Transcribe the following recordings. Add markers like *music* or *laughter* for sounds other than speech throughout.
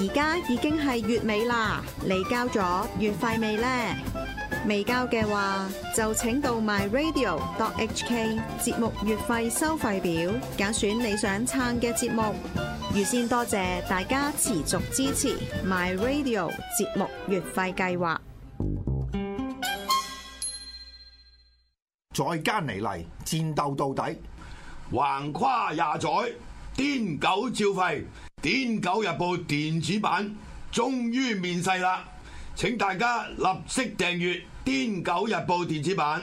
而家已經係月尾啦，你交咗月費未呢？未交嘅話，就請到 myradio dot hk 節目月費收費表，揀選你想撐嘅節目。預先多謝大家持續支持 myradio 節目月費計劃。再加嚟嚟，戰鬥到底，橫跨廿載，癲狗照吠。《癲狗日報》電子版終於面世啦！請大家立即訂閱《癲狗日報》電子版。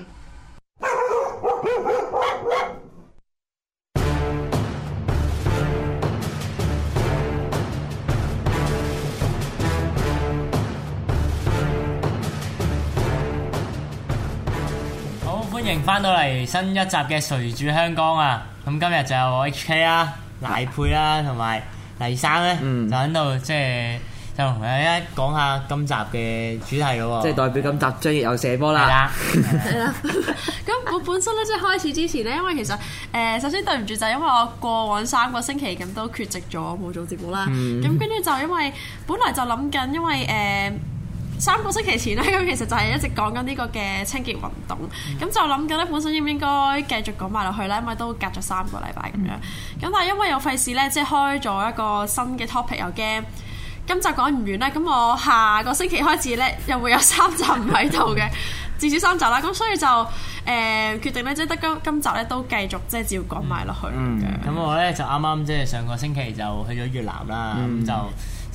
好，歡迎翻到嚟新一集嘅《誰主香江》啊！咁今日就由我 H K 啦、賴珮啦同埋。第三咧、嗯、就喺度即係就同大家講下今集嘅主題咯喎，即係代表今集將要有射波啦。咁 *laughs* *laughs* 我本身咧即係開始之前咧，因為其實誒、呃、首先對唔住，就係因為我過往三個星期咁都缺席咗冇做節目啦。咁跟住就因為本來就諗緊，因為誒。呃三個星期前咧，咁其實就係一直講緊呢個嘅清潔運動，咁、嗯、就諗緊咧，本身應唔應該繼續講埋落去咧？因為都隔咗三個禮拜咁樣，咁、嗯、但係因為又費事咧，即係開咗一個新嘅 topic 又驚，今集講唔完咧，咁我下個星期開始咧，又會有三集唔喺度嘅，至少 *laughs* 三集啦。咁所以就誒、呃、決定咧，即係得今集咧都繼續即係照講埋落去咁、嗯嗯、我咧就啱啱即係上個星期就去咗越南啦，咁、嗯、就。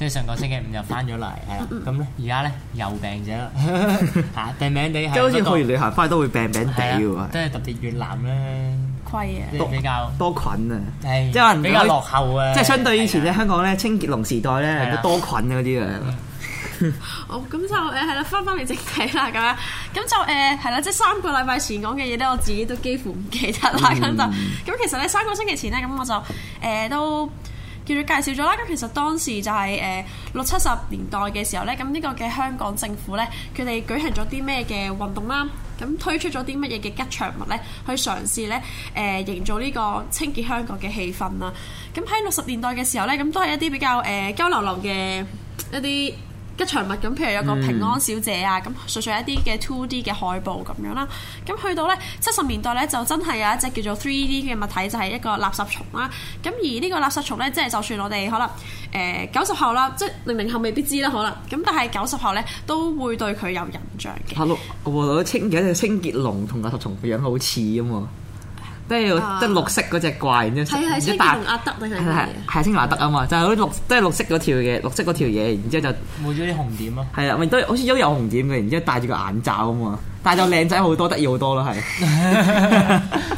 即係上個星期五就翻咗嚟，係啦，咁咧而家咧又病咗啦，嚇病病地即係好似去完旅行翻去都會病病地喎。即係特別越南啦，虧啊，比較多菌啊，即係話比較落後啊。即係相對以前嘅香港咧清潔龍時代咧，多菌嗰啲啊。好，咁就誒係啦，翻翻嚟整體啦，咁樣咁就誒係啦，即係三個禮拜前講嘅嘢咧，我自己都幾乎唔記得啦。咁就咁其實咧三個星期前咧，咁我就誒都。介紹咗啦。咁其實當時就係誒六七十年代嘅時候呢，咁呢個嘅香港政府呢，佢哋舉行咗啲咩嘅運動啦？咁推出咗啲乜嘢嘅吉祥物呢？去嘗試呢，誒、呃、營造呢個清潔香港嘅氣氛啦。咁喺六十年代嘅時候呢，咁都係一啲比較誒交、呃、流流嘅一啲。一祥物咁，譬如有個平安小姐啊，咁屬於一啲嘅 two D 嘅海報咁樣啦。咁去到咧七十年代咧，就真係有一隻叫做 three D 嘅物體，就係、是、一個垃圾蟲啦。咁而呢個垃圾蟲咧，即係就算我哋可能誒九十後啦，即係零零後未必知啦，可能。咁、呃、但係九十後咧都會對佢有印象嘅。嚇！我我清嘅就清潔龍同垃圾蟲嘅樣好似啊嘛～即係都係綠色嗰隻怪，然之後一白，係係青華得啊嘛，就係嗰啲綠都係綠色嗰條嘢，綠色嗰條嘢，然之後就冇咗啲紅點咯。係啊，咪都好似都有紅點嘅，然之後戴住個眼罩啊嘛，戴係就靚仔好多，得意好多咯，係。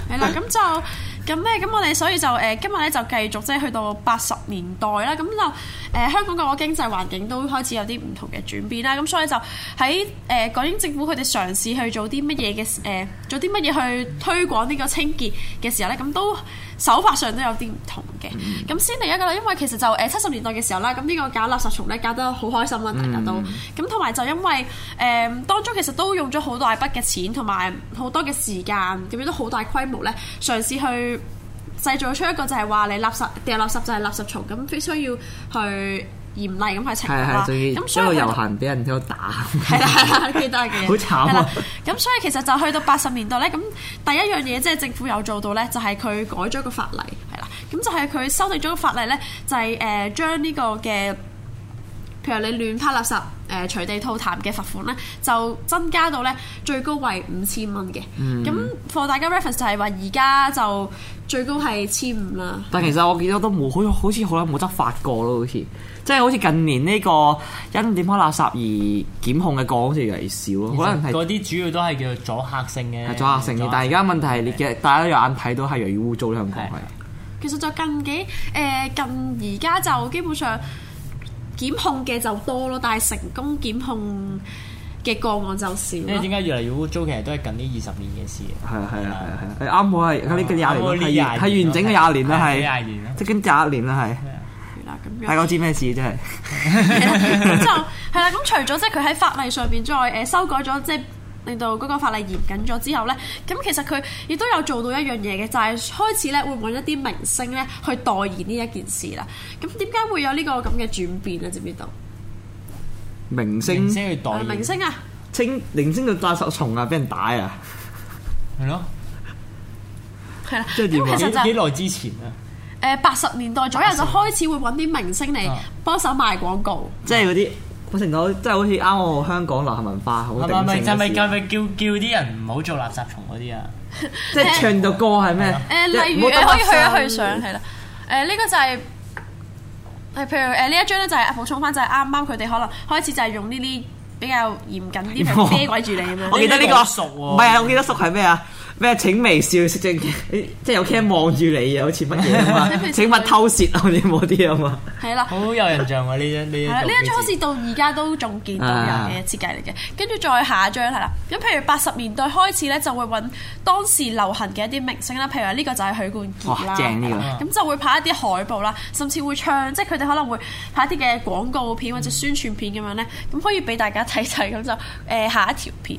係啦，咁就。咁咧，咁我哋所以就誒、呃、今日咧就繼續即係去到八十年代啦，咁就誒、呃、香港個經濟環境都開始有啲唔同嘅轉變啦。咁所以就喺誒、呃、港英政府佢哋嘗試去做啲乜嘢嘅誒做啲乜嘢去推廣呢個清潔嘅時候咧，咁都，手法上都有啲唔同嘅，咁、嗯、先嚟一個啦，因為其實就誒七十年代嘅時候啦，咁、這、呢個搞垃圾蟲咧搞得好開心啦，大家都，咁同埋就因為誒、呃、當中其實都用咗好大筆嘅錢同埋好多嘅時間，咁樣都好大規模咧，嘗試去製造出一個就係話你垃圾掉垃圾就係垃圾蟲，咁必須要去。嚴厲咁嘅情況，咁、 *music* 嗯、所以遊行俾人喺度打，係啦係啦，記得嘅，好慘啊！咁所以其實就去到八十年代咧，咁第一樣嘢即係政府有做到咧，就係佢改咗個法例，係啦，咁就係、是、佢修訂咗個法例咧，就係誒將呢個嘅，譬如你亂拋垃圾誒隨地吐痰嘅罰款咧，就增加到咧最高為五千蚊嘅，咁 for 大家 reference 就係話而家就。嗯嗯最高係千五啦，但其實我見到都冇，好好似好耐冇執法過咯，好似即係好似近年呢、呢個因點開垃圾而檢控嘅個案好似越嚟越少咯，實可能係嗰啲主要都係叫做阻嚇性嘅阻嚇性嘅。但而家問題係，你嘅的大家都有眼睇到係越嚟越污糟，香港係其實就近幾誒、呃、近而家就基本上檢控嘅就多咯，但係成功檢控。嗯嘅個案就少，因為點解越嚟越污糟，其實都係近呢二十年嘅事。係啊係啊係啊啱好係，呢廿年係完整嘅廿年啦，係年即係跟廿一年啦，係係啦咁樣。大家知咩事真係？就係啦，咁除咗即係佢喺法例上邊再誒修改咗，即係令到嗰個法例嚴謹咗之後咧，咁其實佢亦都有做到一樣嘢嘅，就係開始咧會揾一啲明星咧去代言呢一件事啦。咁點解會有呢個咁嘅轉變咧？知唔知道？明星去當明星啊！清明星做垃圾蟲啊，俾人打啊！係咯，係啦。即係點啊？幾耐之前啊？誒，八十年代左右就開始會揾啲明星嚟幫手賣廣告。即係嗰啲，好成個，即係好似啱我香港流行文化好。係咪係咪係咪叫叫啲人唔好做垃圾蟲嗰啲啊？即係唱到歌係咩？誒，例如你可以去一去上係啦。誒，呢個就係。誒，譬如誒呢一張咧、就係，就係補充翻，就係啱啱佢哋可能開始就係用呢啲比較嚴謹啲譬 *laughs* 如「遮鬼住你」咁樣。我記得呢、呢個熟喎，唔係啊，我記得熟係咩啊？ *laughs* 咩？請微笑，即係即係有鏡望住你，好似乜嘢啊請勿偷竊啊！你冇啲咁啊嘛？係啦，好有印象啊！呢一呢一呢一張開始到而家都仲見到有嘅設計嚟嘅。跟住、啊、再下一張係啦，咁譬如八十年代開始咧，就會揾當時流行嘅一啲明星啦，譬如話呢個就係許冠傑啦，咁、啊嗯、就會拍一啲海報啦，甚至會唱，即係佢哋可能會拍一啲嘅廣告片或者宣傳片咁樣咧，咁、嗯、可以俾大家睇睇。咁就誒、呃、下一條片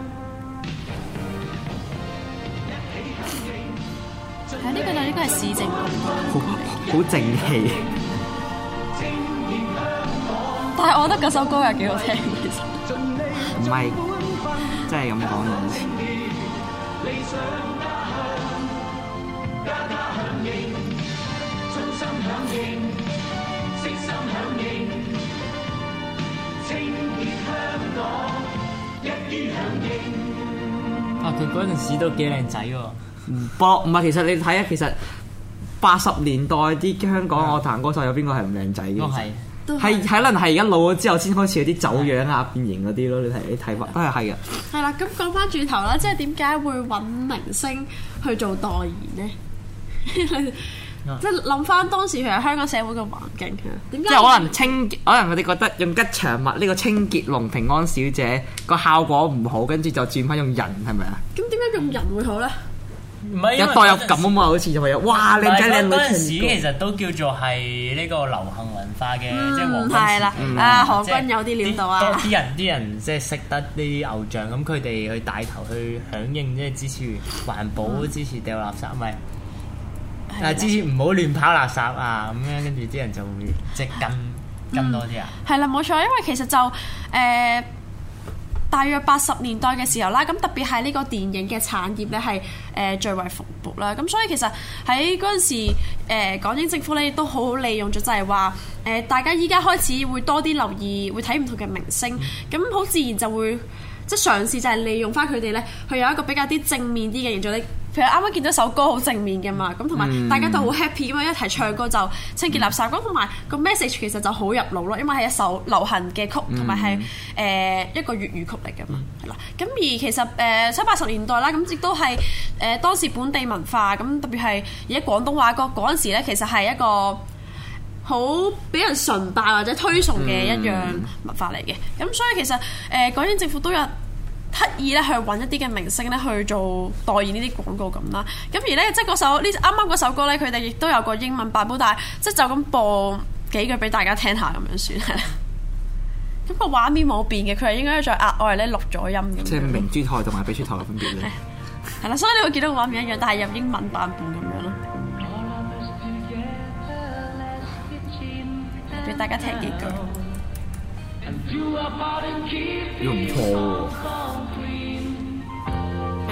係呢、 *noise* 這個就呢個係市政，好好正氣。嗯、氣 *laughs* 但係我覺得嗰首歌又幾好聽， *laughs* *laughs* oh，其實唔係，真係咁講嘅。啊！佢嗰陣時都幾靚仔喎。唔搏唔係，其實你睇下，其實八十年代啲香港樂壇歌手有邊個係唔靚仔嘅？都係是係，可能係而家老咗之後先開始有啲走樣啊、的變形嗰啲咯。你睇你睇法都係係啊。係啦的，咁講翻轉頭啦，即係點解會搵明星去做代言呢？即係諗翻當時其實香港社會嘅環境，點解即係可能清可能佢哋覺得用吉祥物呢個清潔龍平安小姐個效果唔好，跟住就轉翻用人係咪啊？咁點解用人會好咧？唔係有代入感啊嘛，好似就係有哇靚仔靚到屎，其實都叫做係呢個流行文化嘅，即係韓軍，係啦，啊韓軍有啲料到啊！多啲人，啲人即係識得呢啲偶像，咁佢哋去帶頭去響應，即係支持環保，支持掉垃圾，咪，係啊，支持唔好亂拋垃圾啊，咁樣跟住啲人就會即係跟跟多啲啊。係啦，冇錯，因為其實就誒。大約八十年代嘅時候啦，咁特別係呢個電影嘅產業咧，係誒最為蓬勃啦，咁所以其實喺嗰陣時、呃、港英政府咧亦都好好利用咗，就係話誒大家依家開始會多啲留意，會睇唔同嘅明星，咁好自然就會即係嘗試就係利用翻佢哋咧，去有一個比較啲正面啲嘅形象咧。譬如啱啱見到首歌好正面嘅嘛，咁同埋大家都好 happy 啊嘛，一齊唱歌就清潔垃圾咁，同埋、嗯、個 message 其實就好入腦咯，因為係一首流行嘅曲，同埋係誒一個粵語曲嚟嘅嘛。嗱、嗯，咁而其實誒七八十年代啦，咁亦都係誒當時本地文化咁，特別係而家廣東話歌嗰陣時咧，其實係一個好俾人崇拜或者推崇嘅一樣文化嚟嘅。咁、嗯、所以其實誒、呃，港英政府都有。刻意咧去揾一啲嘅明星咧去做代言呢啲廣告咁啦，咁而咧即係嗰首呢啱啱嗰首歌咧，佢哋亦都有個英文版本，但係即係就咁播幾句俾大家聽下咁樣算。咁、嗯、 *laughs* 個畫面冇變嘅，佢係應該再額外咧錄咗音嘅，即係明珠台同埋翡翠台嘅分別咧。係啦， *laughs* 所以你會見到個畫面一樣，但係入英文版本咁樣咯。俾 *laughs* 大家聽幾句。呢個唔錯喎。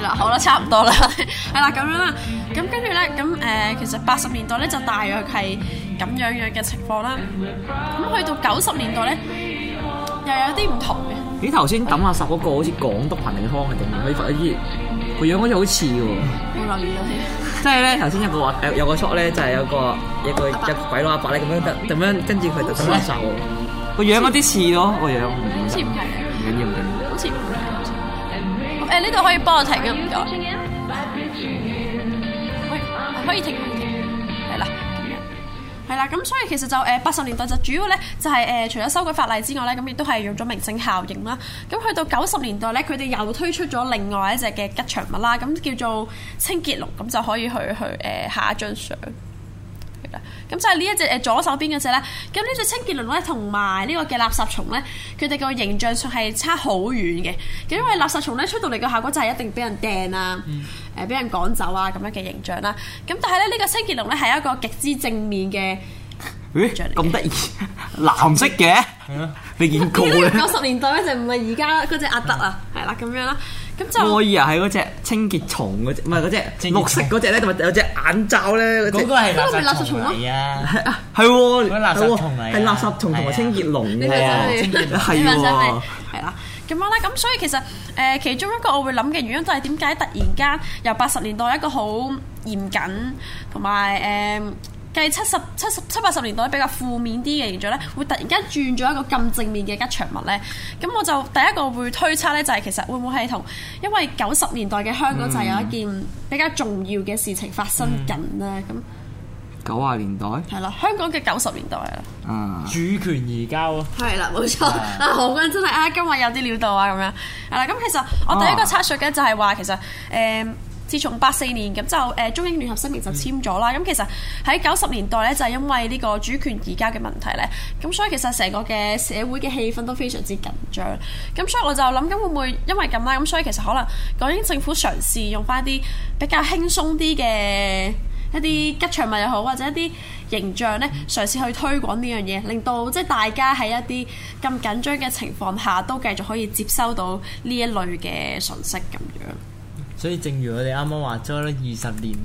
嗯、好啦，差唔多啦，係啦，咁樣啦，咁跟住咧，咁誒、呃，其實八十年代咧就大約係咁樣樣嘅情況啦。咁去到九十年代咧又有啲唔同嘅。咦、欸，頭先抌垃圾嗰個好似港督彭定康嘅定唔可以發一啲？佢樣好似好似嘅喎。好留意啊！即係咧，頭先有個話有，有個 shot 咧，就係有個一個有一，個有一個鬼佬阿伯咧，咁樣得，咁樣跟住佢抌垃圾。佢樣有啲似咯，個樣。好似唔係。唔緊要唔緊要。好似誒呢度可以幫我停咗唔該，可以停，係啦，係啦、嗯，咁了所以其實就誒八十年代就主要咧就係、是、誒、呃、除咗修改法例之外咧，咁亦都係用咗明星效應啦。咁、啊、去到九十年代咧，佢哋又推出咗另外一隻嘅吉祥物啦，咁、啊、叫做清潔龍，咁就可以去去誒、uh, 下一張相。咁、嗯、就係呢一隻誒左手邊嗰隻咧，咁呢隻清潔龍咧同埋呢個嘅垃圾蟲咧，佢哋個形象上係差好遠嘅，因為垃圾蟲咧出到嚟嘅效果就係一定俾人掟啊，誒俾、嗯呃、人趕走啊咁樣嘅形象啦。咁但係咧呢個清潔龍咧係一個極之正面嘅形象嚟，咁得意，藍色嘅，係啊， *laughs* 你見過咧？九十年代咧就唔係而家嗰隻阿德啊，係啦，咁樣啦。可 *music* 以啊，喺嗰隻清潔蟲隻，唔係嗰隻綠色嗰隻咧，同埋有隻眼罩咧嗰隻。嗰個係垃圾蟲嚟 *laughs* 啊！係 *laughs* 啊，係喎，垃圾蟲嚟，係垃圾蟲同埋清潔龍嘅、啊，係 *laughs* 喎龍。係啦 *laughs* 龍，咁樣啦，咁、 *laughs* *laughs* 嗯、所以其實誒其中一個我會諗嘅原因就係點解突然間由八十年代一個好嚴謹同埋誒。計七十七十七八十年代比較負面啲嘅現象咧，會突然間轉咗一個咁正面嘅吉祥物咧。咁我就第一個會推測咧，就係其實會唔會係同因為九十年代嘅香港就係有一件比較重要嘅事情發生緊咧、嗯。咁九十年代係啦，香港嘅九十年代啊，嗯、主權移交。係啦，冇錯。啊、嗯，我 *laughs* 今日真係啊，今日有啲料到啊，咁樣。係啦，咁其實我第一個推測嘅就係話、啊、其實誒。嗯自從八四年咁就誒中英聯合聲明就簽咗啦，咁其實喺九十年代咧就係因為呢個主權移交嘅問題咧，咁所以其實成個嘅社會嘅氣氛都非常之緊張，咁所以我就諗緊會唔會因為咁啦，咁所以其實可能港英政府嘗試用翻一啲比較輕鬆啲嘅一啲吉祥物又好，或者一啲形象咧，嘗試去推廣呢樣嘢，令到即係大家喺一啲咁緊張嘅情況下都繼續可以接收到呢一類嘅信息咁樣。所以正如我哋啱啱話咗咧，二十年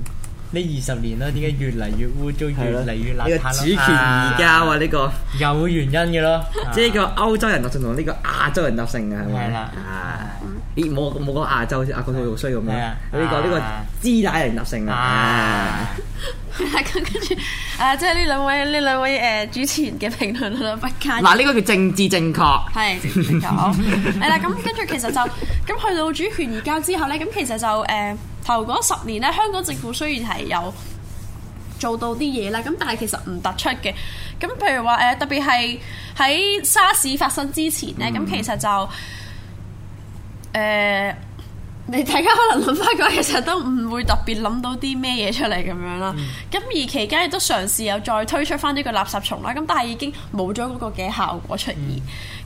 呢二十年咧，點解越嚟越污糟，越嚟越邋遢？呢個主權移交啊，呢個有原因嘅咯。即係呢個歐洲人立成同呢個亞洲人立成啊，係咪？係啦。咦？冇冇講亞洲先？亞洲好似好衰咁樣。呢個呢個支大人立成啊。跟住。啊！Uh, 即係呢兩位呢兩位誒、呃、主持人嘅評論不佳。嗱，呢個叫政治正確。係政治正確。係啦，咁跟住其實就咁去到主權移交之後咧，咁其實就誒、呃、頭嗰十年咧，香港政府雖然係有做到啲嘢啦，咁但係其實唔突出嘅。咁譬如話誒、呃，特別係喺沙士發生之前咧，咁、嗯、其實就誒。呃你大家可能諗翻嘅話，其實都唔會特別諗到啲咩嘢出嚟咁樣啦。咁、嗯、而期間亦都嘗試有再推出翻呢個垃圾蟲啦。咁但係已經冇咗嗰個嘅效果出現。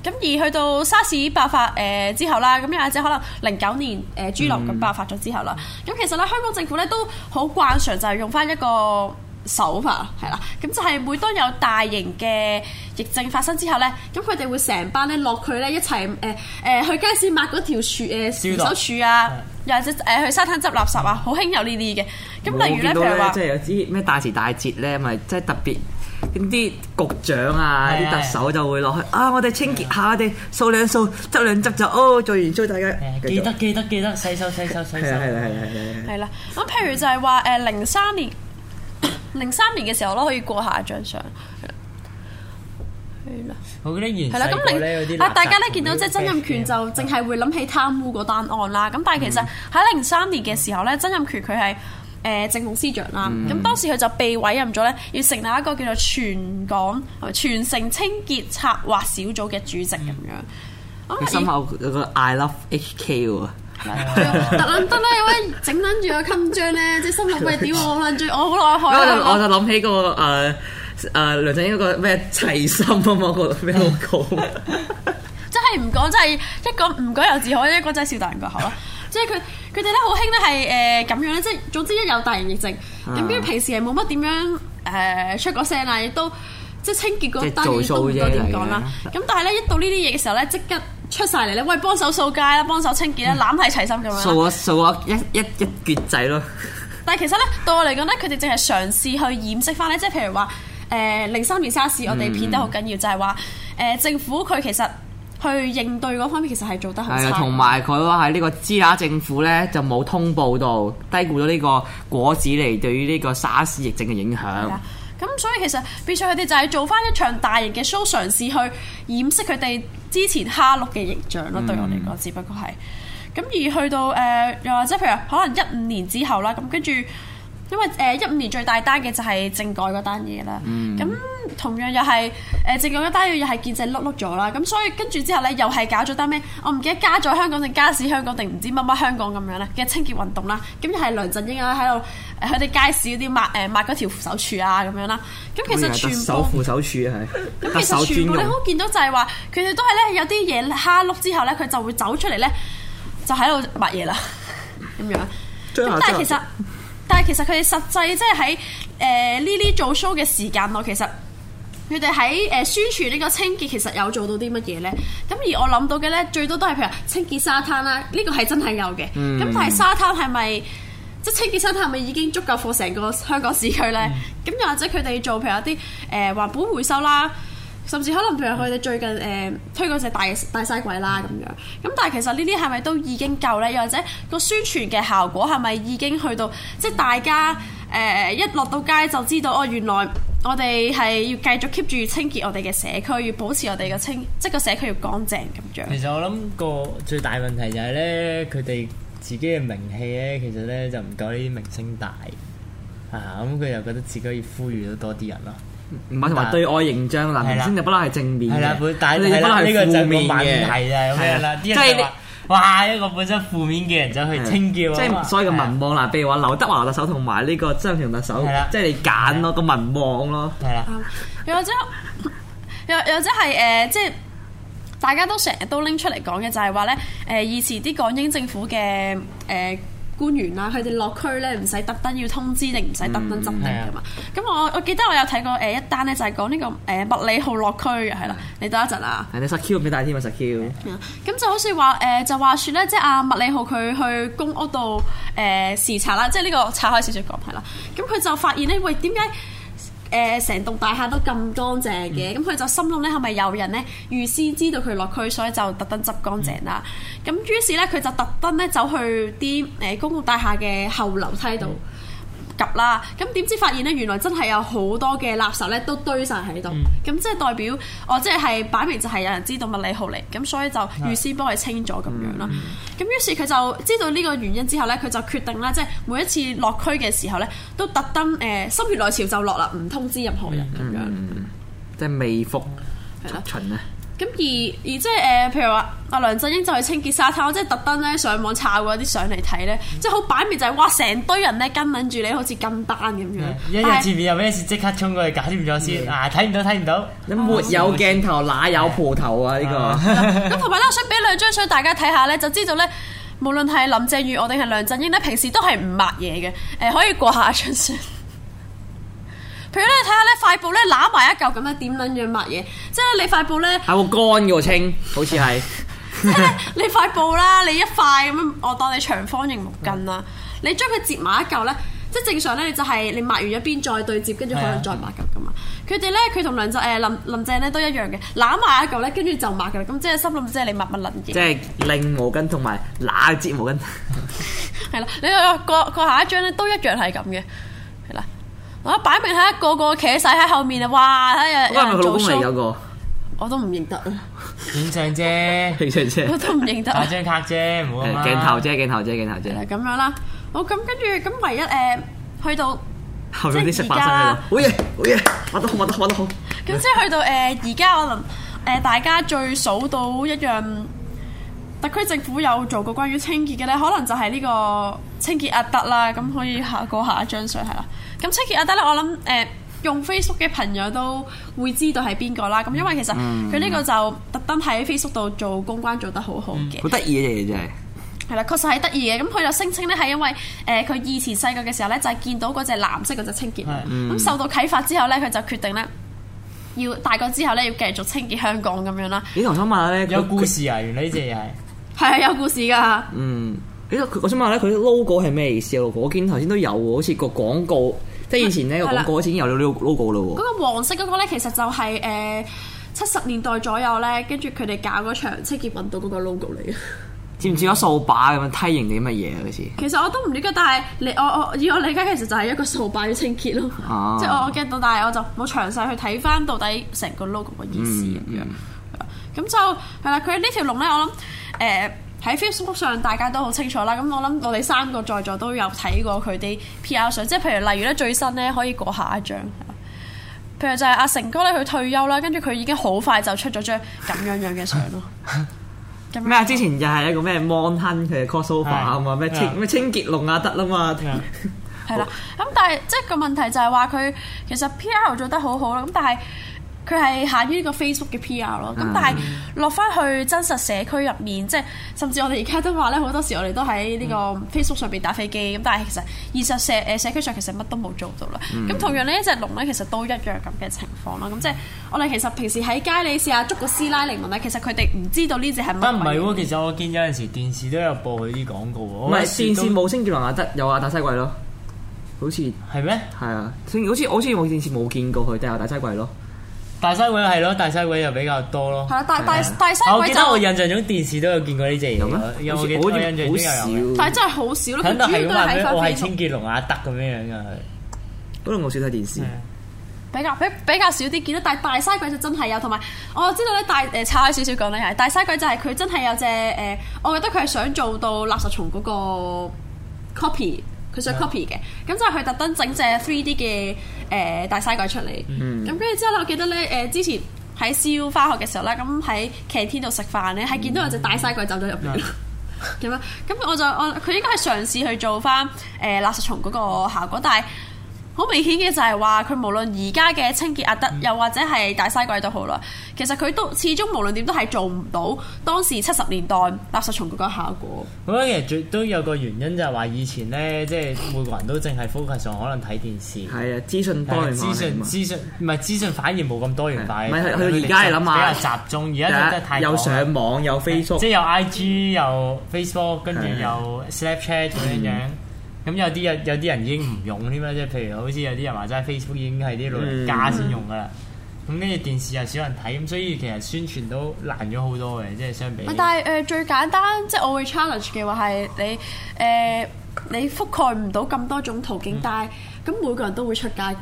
咁、嗯、而去到沙士爆發誒之後啦，咁又或者可能零九年誒豬流感爆發咗之後啦。咁、嗯、其實咧，香港政府咧都好慣常就係用翻一個手法係啦，咁就係每當有大型嘅疫症發生之後咧，咁佢哋會成班咧落去咧一齊誒誒去街市抹嗰條樹枝、樹樹啊，又或者誒去沙灘執垃圾啊，好輕柔呢啲嘅。咁例如咧，譬如話即係有啲咩大時大節咧，咪即係特別，咁啲局長啊、啲特首就會落去啊，我哋清潔下，我哋掃兩掃、執兩執就哦，做完之後大家記得記得記得洗手洗手洗手，係啦係啦係啦係啦，係啦，咁譬如就係話誒零三年。零三年嘅時候咯，可以過下一張相，係啦，係我覺得現時咧啊大家咧見到即係曾蔭權就淨係會諗起貪污嗰單案啦。咁、嗯、但係其實喺零三年嘅時候咧，曾蔭權佢係誒政務司長啦。咁、嗯、當時佢就被委任咗咧，要成立一個叫做全港全城清潔策劃小組嘅主席咁樣。佢身後有個 I Love HK 喎。 *laughs* 特然得啦， *laughs* uh, uh, 有位整捻住個襟章咧，即係心諗：喂、呃，屌我捻住我好耐開我就我諗起個誒誒梁振英個咩齊心啊嘛，個咩老高，即係唔講，即係一個唔講又自可一個真係笑大人個口啦。即係佢佢哋咧好興咧係誒咁樣咧，即係總之一有大型疫症，咁啲、啊、平時係冇乜點樣誒出個聲啦，亦都即係清潔個低，都唔多點講啦？咁是的 但係咧一到呢啲嘢嘅時候咧，即刻。出晒嚟啦！喂，幫手掃街啦，幫手清潔啦，攬喺齊心咁樣掃啊！掃啊！一一一撅仔咯。 *laughs* 但係其實咧，對我嚟講咧，佢哋淨係嘗試去掩飾翻咧，即係譬如話誒零三年沙士，我哋片得好緊要就係話誒政府佢其實去應對嗰方面其實係做得好係啊，同埋佢話喺呢個支那政府咧就冇通報到低估咗呢個果子狸對於呢個沙士疫症嘅影響。咁所以其實變相佢哋就係做翻一場大型嘅 show 嘗試去掩飾佢哋之前蝦碌嘅形象咯，對我嚟講只不過係。咁、嗯、而去到誒又、呃、或者譬如可能一五年之後啦，咁跟住因為誒一五年最大單嘅就係政改嗰單嘢啦。嗯。咁同樣又係誒政改嗰單嘢又係見勢碌碌咗啦。咁所以跟住之後咧又係搞咗單咩？我唔記得加咗香港定加市香港定唔知乜乜香港咁樣咧嘅清潔運動啦。咁又係梁振英啊喺度。佢哋街市啲抹誒抹嗰條扶手柱啊咁樣啦，咁其實全部扶手柱係，咁其實全部你好見到就係話，佢哋都係咧有啲嘢下碌之後咧，佢就會走出嚟咧，就喺度抹嘢啦，咁樣。咁後但係其實，後但係其實佢哋實際即係喺誒呢啲做 show 嘅時間內，其實佢哋喺誒宣傳呢個清潔，其實有做到啲乜嘢咧？咁而我諗到嘅咧，最多都係譬如清潔沙灘啦，呢、呢個係真係有嘅。咁、嗯、但係沙灘係咪？即係清潔生態，係咪已經足夠覆成個香港市區呢？咁又、嗯、或者佢哋做譬如有啲誒環保回收啦，甚至可能譬如佢哋最近誒、呃、推嗰隻大大西鬼啦咁樣。咁但係其實呢啲係咪都已經夠呢？又或者個宣傳嘅效果係咪已經去到即係大家誒、呃、一落到街就知道哦，原來我哋係要繼續 keep 住清潔我哋嘅社區，要保持我哋嘅清，即係個社區要乾淨咁樣。其實我諗個最大問題就係呢，佢哋。自己嘅名氣咧，其實咧就唔夠呢啲明星大，啊咁佢又覺得自己可以呼籲到多啲人咯。唔係同埋對外形象，男明星就不嬲係正面嘅，但你就不嬲係負面嘅，係啊，即係哇一個本身負面嘅人走去稱叫，即係所謂嘅民望啦。譬如話劉德華特首同埋呢個張強特首，即係你揀咯個民望咯。係啦，又或者又或者係誒即係。大家都成日都拎出嚟講嘅就係話咧，誒以前啲港英政府嘅誒、呃、官員啦、啊，佢哋落區咧唔使特登要通知，定唔使特登執定噶嘛。咁、嗯、我我記得我有睇過誒一單咧、這個，就係講呢個誒麥理浩落區嘅，係啦。你等一陣啊。係、嗯，你實 Q 唔俾帶添嘛？實、嗯、Q。咁就好似話誒，就話説咧，即係阿、啊、麥理浩佢去公屋度誒視察啦，即係呢、這個拆開小説講係啦。咁佢就發現咧，喂點解？誒成、呃、棟大廈都咁乾淨嘅，咁佢就心諗咧，係咪有人咧預先知道佢落去，所以就特登執乾淨啦？咁於是呢，佢就特登咧走去啲誒公共大廈嘅後樓梯度。嗯嗯及啦，咁點知發現咧，原來真係有好多嘅垃圾咧都堆晒喺度，咁、嗯、即係代表，哦，即係係擺明就係有人知道物理號嚟，咁所以就預先幫佢清咗咁樣啦。咁、嗯、於是佢就知道呢個原因之後咧，佢就決定啦。即係每一次落區嘅時候咧，都特登誒心血來潮就落啦，唔通知任何人咁、嗯嗯、樣，即係微服出巡咧。咁而而即係誒，譬如話阿梁振英就去清潔沙灘，我即係特登咧上網查過啲相嚟睇咧，嗯、即係好擺面就係、是、哇，成堆人咧跟緊住你，好似跟單咁樣。一日前面有咩事，即刻衝過去搞掂咗先。嗯、啊，睇唔到，睇唔到，哦、你沒有鏡頭，哪有蒲頭啊？呢、啊呢個。咁同埋咧，我想俾兩張相大家睇下咧，就知道咧，無論係林鄭月，我定係梁振英咧，平時都係唔抹嘢嘅。誒，可以過下一張相。譬如咧，睇下咧，塊布咧攬埋一嚿咁樣，點撚樣抹嘢，即係你塊布咧，係好乾嘅喎，清，好似係。你塊布啦，你一塊咁樣，我當你長方形毛巾啦， *laughs* *laughs* 你將佢折埋一嚿咧，即係正常咧，你就係你抹完一邊再對接，跟住可以再抹嚿噶嘛。佢哋咧，佢同林就誒林林鄭咧都一樣嘅，攬埋一嚿咧，跟住就抹嘅，咁即係心諗即係你抹乜撚嘢？即係拎毛巾同埋攬折毛巾。係啦，你個個下一張咧都一樣係咁嘅。.我擺明一個個企晒喺後面啊！哇，睇人有人做 show。啊、是是我都唔認得啊，正相啫，影相我都唔認得。打張卡啫，鏡頭啫，鏡頭啫，鏡頭啫。咁樣啦，好咁跟住咁唯一誒、呃，去到後即係而家，在好嘢好嘢，畫得好畫得好得好。咁即係去到誒，而家可能誒，大家最數到一樣。特區政府有做過關於清潔嘅咧，可能就係呢個清潔阿德啦，咁可以下過下一張相係啦。咁清潔阿德咧，我諗誒、呃、用 Facebook 嘅朋友都會知道係邊個啦。咁因為其實佢呢個就特登喺 Facebook 度做公關做得好好嘅，好得意嘅嘢真係。係啦、嗯嗯，確實係得意嘅。咁佢就聲稱咧，係因為誒佢以前細個嘅時候咧，就係見到嗰隻藍色嗰隻清潔，咁受到啟發之後咧，佢就決定咧，要大個之後咧要繼續清潔香港咁樣啦。你同頭先問咧有故事啊？原來呢隻係。係啊，有故事噶。嗯，呢個佢我想問咧，佢 logo 係咩意思啊？logo 我見頭先都有，好似個廣告，即係、啊、以前呢個廣告已經有咗呢個 logo 咯、啊。嗰、那個黃色嗰個咧，其實就係誒七十年代左右咧，跟住佢哋搞嗰場清潔運動嗰個 logo 嚟、嗯。嘅。知唔知個掃把咁樣梯形啲乜嘢啊？好似。其實我都唔理解，但係你我我以我理解，其實就係一個掃把嘅清潔咯。啊、即係我 get 到，但係我就冇詳細去睇翻到底成個 logo 嘅意思咁樣、嗯。嗯咁就係啦，佢呢條龍咧，我諗誒喺、呃、Facebook 上大家都好清楚啦。咁我諗我哋三個在座都有睇過佢啲 P. R. 相，即係譬如例如咧最新咧可以過下一張。譬如就係阿成哥咧，佢退休啦，跟住佢已經好快就出咗張咁樣樣嘅相咯。咩 *laughs* 樣啊？之前就係一個咩 monken 佢嘅 crossover 啊嘛的，咩清咩的清潔龍阿德啦嘛。係啦的，咁 *laughs* 好 但係即係個問題就係話佢其實 P. R. 做得好好啦，咁但係。佢係限於呢個 Facebook 嘅 P.R. 咯，咁但係落返去真實社區入面，即係甚至我哋而家都話咧，好多時我哋都喺呢個 Facebook 上邊打飛機咁，但係其實現實社誒社區上其實乜都冇做到啦。咁、嗯、同樣呢一隻龍咧其實都一樣咁嘅情況啦。咁即係我哋其實平時喺街裏試下捉個師奶嚟問咧，其實佢哋唔知道呢隻係乜。唔係喎，其實我見有陣時電視都有播佢啲廣告喎。唔係，電視冇清潔龍阿德，有亞打西貴咯，好似係咩？係嗎啊，好似好似冇電視冇見過佢，但係有大西貴咯。大西鬼係咯，大西鬼又比較多咯。係啊，大大大西鬼就是，我我印象中電視都有見過呢隻嘢，有冇記？幾像印象，但係真係好少咯。可能主要都係睇垃圾蟲。我係清潔龍阿德咁樣樣嘅係，不過我少睇電視。的比較比比較少啲見咯，但係大西鬼就真係有，同埋我知道咧大，誒岔開少少講咧係大西鬼就係，是，佢真係有隻誒，呃，我覺得佢係想做到垃圾蟲嗰個 copy，佢的想 copy 嘅，咁的，嗯、就佢特登整隻 three D 嘅。誒、呃、大嘥鬼出嚟，咁跟住之後咧，我記得咧，誒、呃、之前喺 CU 翻學嘅時候咧，咁喺 cafeteria 度食飯咧，係見到有隻大嘥鬼走咗入嚟。咁啊、嗯？咁 *laughs* 我就我佢應該係嘗試去做翻誒、呃、垃圾蟲嗰個效果，但係。好明顯嘅就係話佢無論而家嘅清潔阿德，又或者係大嘥鬼都好啦，其實佢都始終無論點都係做唔到當時七十年代垃圾蟲嗰個效果、嗯。我覺得其實都有個原因就係話以前咧，即係每個人都淨係 focus 上可能睇電視。係啊，資訊多資訊，資訊資訊唔係資訊反而冇咁多元化。唔係佢而家係諗下比較集中，而家真係太廣。有上網有 Facebook，即係、就是、有 IG 有 Facebook，跟住又 Snapchat 咁樣。咁有啲有有啲人已經唔用添啦，即係譬如好似有啲人話齋 Facebook 已經係啲老人家先用㗎啦。咁跟住電視又少人睇，咁所以其實宣傳都難咗好多嘅，即係相比但。但係誒最簡單，即係我會 challenge 嘅話係你誒、呃、你覆蓋唔到咁多種途徑，嗯、但係咁每個人都會出街啩。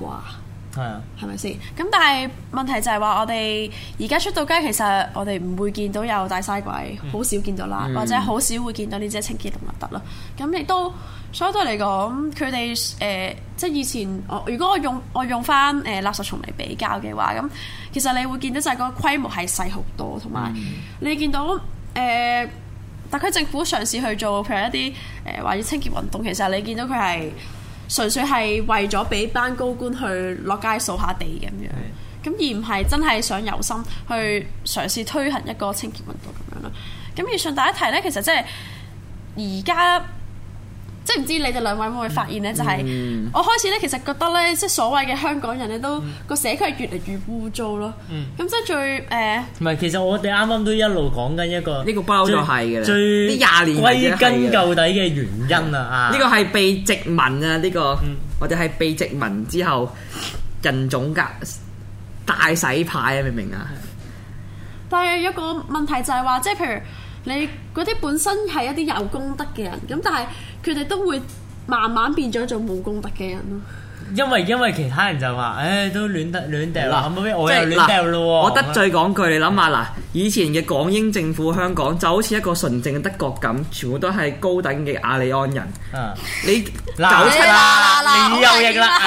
係啊、嗯，係咪先？咁但係問題就係話我哋而家出到街，其實我哋唔會見到有大嘥鬼，好、嗯、少見到啦，或者好少會見到呢隻清潔動物得啦。咁亦都。所以對嚟講，佢哋誒即係以前，我如果我用我用翻誒、呃、垃圾蟲嚟比較嘅話，咁其實你會見到就係個規模係細好多，同埋、嗯、你見到誒特區政府嘗試去做譬如一啲誒或者清潔運動，其實你見到佢係純粹係為咗俾班高官去落街掃下地咁樣，咁而唔係真係想有心去嘗試推行一個清潔運動咁樣啦。咁以上第一題呢，其實即係而家。即係唔知你哋兩位會唔會發現咧？就係、是嗯、我開始咧，其實覺得咧，即係所謂嘅香港人咧，都個、嗯、社區係越嚟越污糟咯。咁即係最誒。唔、呃、係，其實我哋啱啱都一路講緊一個呢個包咗係嘅啦，最廿年歸根究底嘅原因啊！呢個係被殖民啊！呢、呢個或者係被殖民之後人種隔大洗牌啊！明唔明啊？但係有一個問題就係話，即係譬如你嗰啲本身係一啲有功德嘅人，咁但係。佢哋都會慢慢變咗做冇功德嘅人咯。因為因為其他人就話，唉，都亂得亂掉啦。咁後尾我又亂掉咯。我得罪講句，你諗下嗱，以前嘅港英政府，香港就好似一個純正嘅德國咁，全部都係高等嘅亞利安人。啊！你九七啦，你又休閑啦。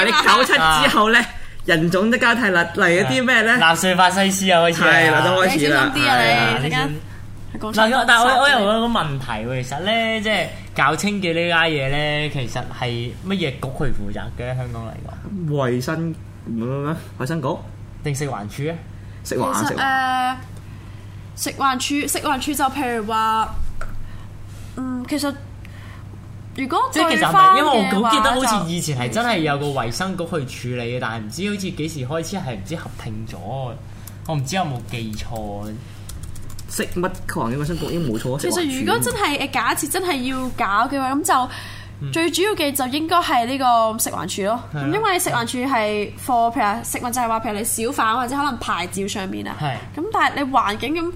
嗱，你九七之後咧，人種的交替啦，嚟咗啲咩咧？納粹法西斯又開始啦。小心啲啊！你。嗱，但係我我又有個問題喎、嗯。其實咧，即係搞清潔呢家嘢咧，其實係乜嘢局去負責嘅？香港嚟講，衞生咩、呃、衞生局定食環處啊華實、呃？食環食環食環處食環處就譬如話，嗯，其實如果即其實唔係，因為我好記得好似以前係真係有個衞生局去處理嘅，生但係唔知好似幾時開始係唔知合併咗，我唔知有冇記錯。食物環境嘅清潔已經冇錯。其實如果真係誒假設真係要搞嘅話，咁就最主要嘅就應該係呢個食環署咯。嗯、因為食環署係，貨，譬如食物就係話譬如你小販，或者可能牌照上面啊。咁是但係你環境咁，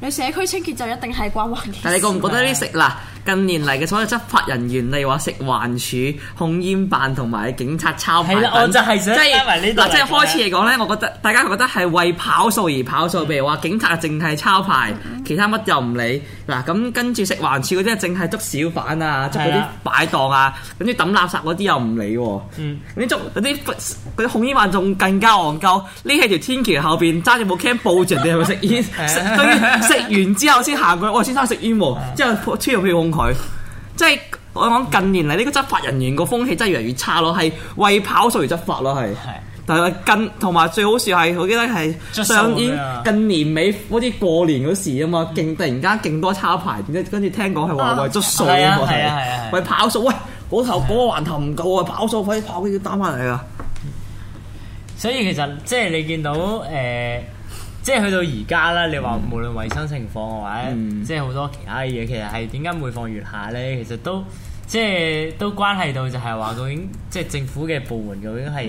你社區清潔就一定係關環境。但係你覺唔覺得呢啲食喇？近年嚟嘅所有執法人員，例如話食環署、控煙辦同埋警察抄牌，係啦，我就係想加埋呢度。即係開始嚟講咧，我覺得大家覺得係為跑數而跑數，譬如話警察啊，淨係抄牌，其他乜又唔理。嗱，咁跟住食環署嗰啲啊，淨係捉小販啊，捉嗰啲擺檔啊，跟住抌垃圾嗰啲又唔理喎。嗯，啲捉嗰啲啲控煙辦仲更加戇鳩，匿喺條天橋後邊揸住部 cam 報人哋係咪食煙，食完之後先行過。我先生食煙喎，之後穿入去佢即係我講，近年嚟呢個執法人員個風氣真係越嚟越差咯，係為跑數而執法咯，係。係是。但係近同埋最好笑係，我記得係上年近年尾嗰啲過年嗰時啊嘛，勁，突然間勁多抄牌，跟住聽講係話為捉稅啊，係是啊，係啊，係啊，啊啊啊啊啊為跑數喂，嗰頭嗰、嗰個環頭唔夠啊，跑數快跑幾多單翻嚟啊！所以其實即係你見到誒。呃即係去到而家啦，嗯、你話無論衞生情況或者、嗯、即係好多其他嘢，其實係點解每況愈下呢？其實都即係都關係到就係話究竟即係政府嘅部門究竟係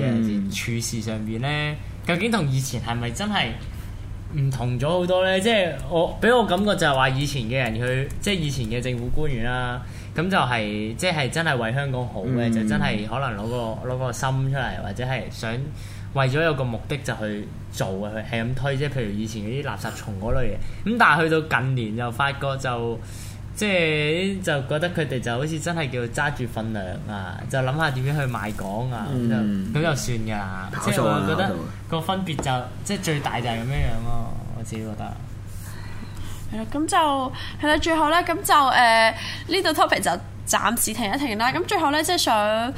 處事上邊呢？究竟同以前係咪真係唔同咗好多呢？即係我俾我感覺就係話以前嘅人去，即係以前嘅政府官員啦、啊，咁就係、是、即係真係為香港好嘅，嗯、就真係可能攞個攞個心出嚟，或者係想。為咗有個目的就去做啊，佢係咁推啫，即係。譬如以前嗰啲垃圾蟲嗰類嘢，咁但係去到近年就發覺就，即係就覺得佢哋就好似真係叫揸住份糧啊，就諗下點樣去賣港啊，咁，嗯，就算噶啦。嗯，即係我覺得，冇錯，我覺得個分別就即係，冇錯，最大就係咁樣樣咯，我自己覺得。係啦，咁就係啦，最後咧，咁就誒呢度 topic 就暫時停一停啦。咁最後咧，即係想。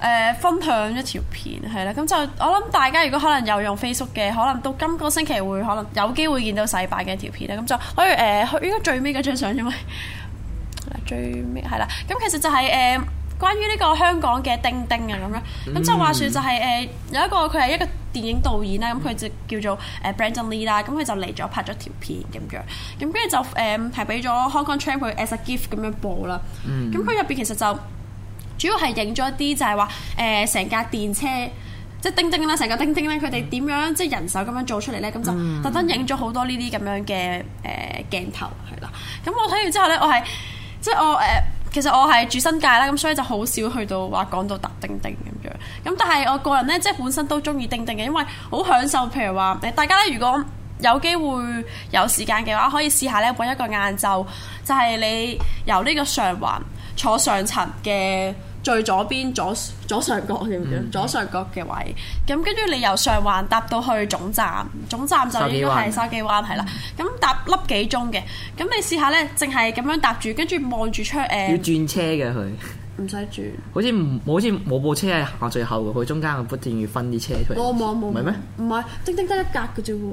誒分享一條片係啦，咁就我諗大家如果可能有用 Facebook 嘅，可能到今個星期會可能有機會見到洗版嘅一條片啦。咁就去誒去應該最尾嗰張相啫嘛，最尾係啦。咁其實就係、是、誒、呃、關於呢個香港嘅丁丁啊咁樣。咁就話説就係、是、誒、呃、有一個佢係一個電影導演啦，咁佢就叫做誒 Brandon Lee 啦，咁佢就嚟咗拍咗條片咁樣，咁跟住就誒係、呃、俾咗 Hong Kong train 佢 as a gift 咁樣播啦。嗯，咁佢入邊其實就。主要係影咗一啲就係話誒成架電車，即係叮叮啦，成架叮叮咧，佢哋點樣即係人手咁樣做出嚟咧，咁、嗯、就特登影咗好多呢啲咁樣嘅誒、呃、鏡頭，係啦。咁我睇完之後咧，我係即係我誒、呃，其實我係住新界啦，咁所以就好少去到話講到搭叮叮咁樣。咁但係我個人咧，即係本身都鍾意叮叮嘅，因為好享受。譬如話誒，大家咧如果有機會有時間嘅話，可以試下咧，揾一個晏晝，就係、是、你由呢個上環。坐上層嘅最左邊左左上角，點講、嗯？左上角嘅位置，咁跟住你由上環搭到去總站，總站就應該係筲箕灣係啦。咁搭粒幾鐘嘅，咁你試下咧，淨係咁樣搭住，跟住望住出誒。嗯、要轉車嘅佢。唔使轉。好似唔，好似冇部車係行最後嘅，佢中間不斷要分啲車出嚟。我冇冇。唔係咩？唔係，丁丁得一格嘅啫喎。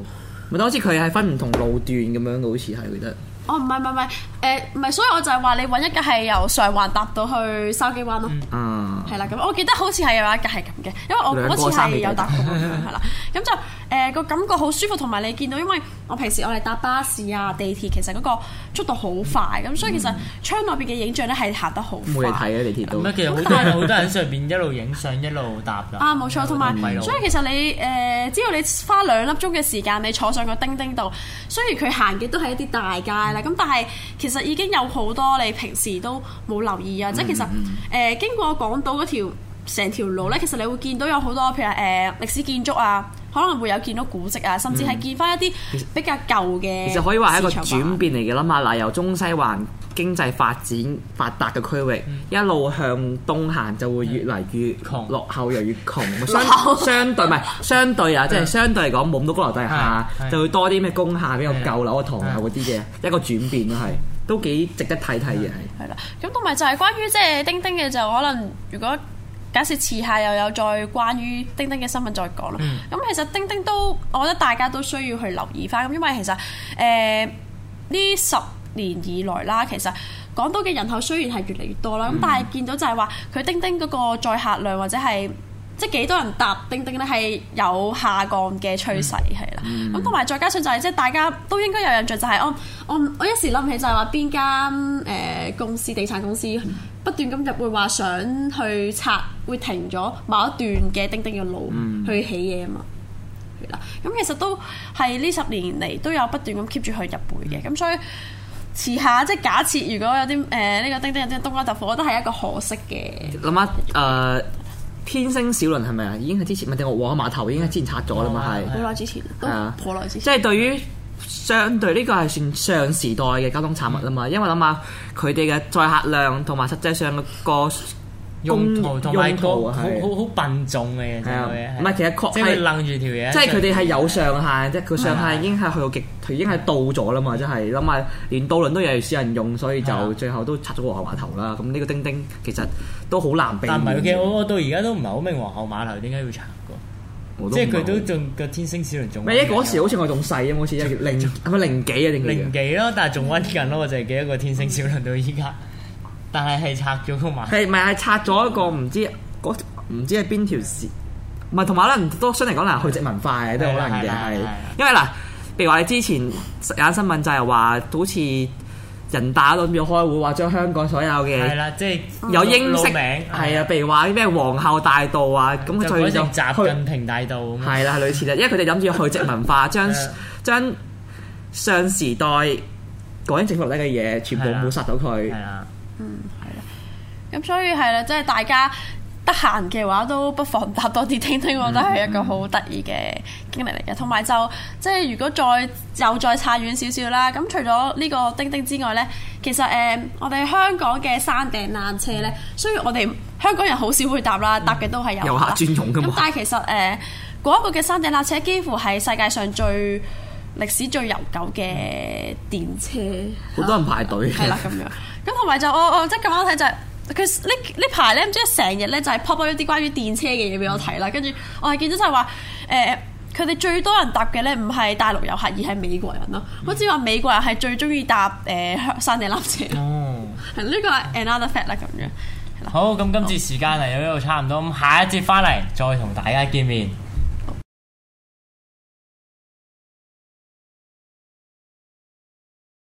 咪好似佢係分唔同路段咁樣嘅，好似係覺得。哦，唔係唔係唔係，誒唔係，所以我就係話你揾一架係由上環搭到去筲箕灣咯，係啦，咁我記得好似係有一架係咁嘅，因為我嗰次係有搭，係啦，咁就。誒個、呃、感覺好舒服，同埋你見到，因為我平時我哋搭巴士啊、地鐵，其實嗰個速度好快咁，嗯、所以其實窗內邊嘅影像咧係行得好快。冇地鐵好多人上面一邊一路影相一路搭噶。啊，冇錯，同埋，所以其實你誒，只、呃、要你花兩粒鐘嘅時間，你坐上個叮叮度，雖然佢行嘅都係一啲大街啦，咁但係其實已經有好多你平時都冇留意啊，即係、嗯嗯、其實誒、呃、經過港島嗰條成條路咧，其實你會見到有好多譬如誒、呃、歷史建築啊。可能會有見到古跡啊，甚至係見翻一啲比較舊嘅。其實可以話係一個轉變嚟嘅啦嘛，嗱由中西環經濟發展發達嘅區域一路向東行，就會越嚟越窮，落後又越窮。相相對唔係相對啊，即係相對嚟講冇咁多高樓大廈，就會多啲咩工廈、比較舊樓啊、堂樓嗰啲嘅，一個轉變咯，係都幾值得睇睇嘅係。係啦，咁同埋就係關於即係叮叮嘅就可能如果。假設遲下又有再關於叮叮嘅新聞再講啦，咁、嗯、其實叮叮都，我覺得大家都需要去留意返，咁因為其實誒呢、呃、十年以來啦，其實港島嘅人口雖然係越嚟越多啦，咁、嗯、但係見到就係話佢叮叮嗰個載客量或者係即係幾多人搭叮叮咧係有下降嘅趨勢係啦，咁同埋再加上就係即係大家都應該有印象就係、是、我我我，我一時諗起就係話邊間誒公司地產公司？嗯不斷咁入會話想去拆，會停咗某一段嘅叮叮嘅路去起嘢啊嘛，係啦。咁其實都係呢十年嚟都有不斷咁 keep 住去入會嘅，咁、嗯、所以遲下即係假設如果有啲誒呢個叮叮有啲東加特貨，我覺得係一個可惜嘅。諗下誒、呃，天星小輪係咪啊？已經係之前唔定皇后碼頭已經係之前拆咗啦嘛，係好耐之前，係好耐之前，即係、啊對，就是、對於。相對呢個係算上時代嘅交通產物啦嘛，因為諗下佢哋嘅載客量同埋實際上個用途同埋途是好好好笨重嘅，唔係其實確係即係佢擸住條嘢，即係佢哋係有上限，即係佢上限已經係去到極，已經係到咗啦嘛，即係諗下連渡輪都有少人用，所以就最後都拆咗皇后碼頭啦。咁呢、啊、個叮叮其實都好難避免但。但係其實我到而家都唔係好明皇后碼頭點解要拆嘅。即係佢都仲個天星小輪仲，未。啊？嗰時好似我仲細啊，好似零，唔係零幾啊定零幾咯？但係仲溫近咯，我就係記得個天星小輪到依家。但係係拆咗同埋係咪係拆咗一個唔知嗰唔知係邊條線？唔係同埋可能都相對嚟講係去殖民化嘅，都可能嘅。係因為嗱，譬如話你之前睇下新聞就係話好似。人大都要開會，話將香港所有嘅係啦，即係有英式名係啊，譬名了如話啲咩皇后大道啊，咁佢、嗯、就，就習近平大道係啦，類似啦，因為佢哋諗住去殖民化， *laughs* 將 *laughs* 了將上時代嗰種整落嚟嘅嘢全部抹殺到佢。係啊，嗯，係啦，咁所以係啦，即係、就是、大家。得閒嘅話都不妨搭多啲叮叮，我覺得係一個好得意嘅經歷嚟嘅。同埋就即係如果再又再差遠少少啦，咁除咗呢個叮叮之外呢，其實誒、呃、我哋香港嘅山頂纜車呢，雖然我哋香港人好少會搭啦，搭嘅都係遊客專用。咁但係其實誒嗰一個嘅山頂纜車，幾乎係世界上最歷史最悠久嘅電車。好多人排隊嘅、嗯。係啦，咁樣。咁同埋就我我即係咁樣睇就。哦哦。佢呢呢排咧唔知成日咧就係 pop up 一啲關於電車嘅嘢俾我睇啦，跟住、嗯、我係見到真係話誒，佢、呃、哋最多人搭嘅咧唔係大陸遊客，而係美國人咯。好似話美國人係最中意搭誒、呃、山地纜車。哦、嗯，係呢個 another fact 啦咁樣。嗯、好，咁今次時間嚟到呢度差唔多，咁下一節翻嚟再同大家見面。